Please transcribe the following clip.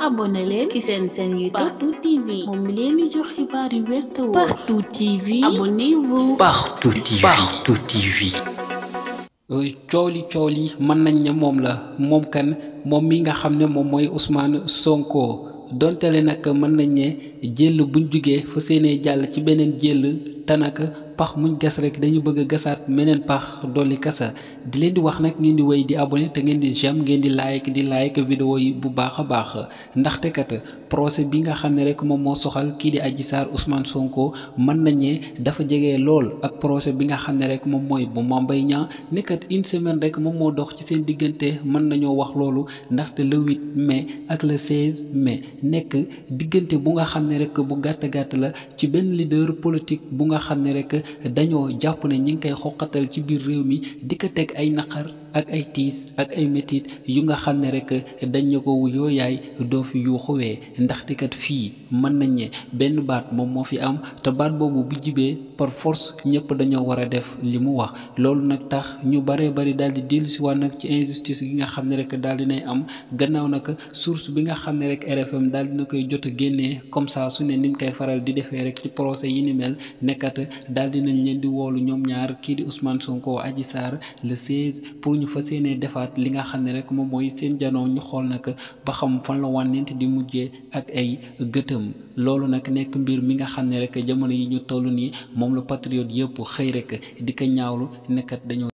abonné ci seen seen coow li coow li mën nañ ne moom la moom kan moom mi nga xam ne moom mooy Ousmane Sonko donte le nag mën nañ ne jël buñ jugee fa seenee jàll ci beneen jël tanaka pax muñ gas rek dañu bëgg a gasaat meneen pax dolli kasa di leen di wax nag ngeen di wéy di abonné te ngeen di jam ngeen di like di like vidéo yi bu baax a baax ndaxte kat procès bi nga xam ne rek moom moo soxal kii di Adji Sarr Ousmane Sonko mën nañu ne dafa jege lool ak procès bi nga xam ne rek moom mooy bu Mame Mbaye Niang nekkat une semaine rek moom moo dox ci seen diggante mën nañoo wax loolu ndaxte le 8 mai ak le 16 mai nekk diggante bu nga xam ne rek bu gàtt gàtt la ci benn leader politique bu nga xam ne rek dañoo jàpp ne ñi ngi koy xoqatal ci biir réew mi di ko teg ay naqar ak ay tiis ak ay métit yu nga xam ne rek dañ ñu ko wuyoo yaay doo fi yuuxuwee ndaxte kat fii mën nañ ne benn baat moom moo fi am te baat boobu bu jibee par force ñëpp dañoo war a def li mu wax loolu nag tax ñu baree bari daal di dellusiwaat nag ci injustice gi nga xam ne rek daal dinay am gannaaw nag source bi nga xam ne rek RFM daal na koy jot génne comme ça su ne niñ koy faral di defee rek ci procès yi ni mel nekkat daal nañ leen di woolu ñoom ñaar kii di Ousmane Sonko ñu fas yéenee defaat li nga xam ne rek moom mooy seen janoo ñu xool nag ba xam fan la wànnent di mujjee ak ay gëtëm loolu nag nekk mbir mi nga xam ne rek jamono yi ñu toll nii moom la patriote yëpp xëy rek di ko ñaawlu nekkat dañoo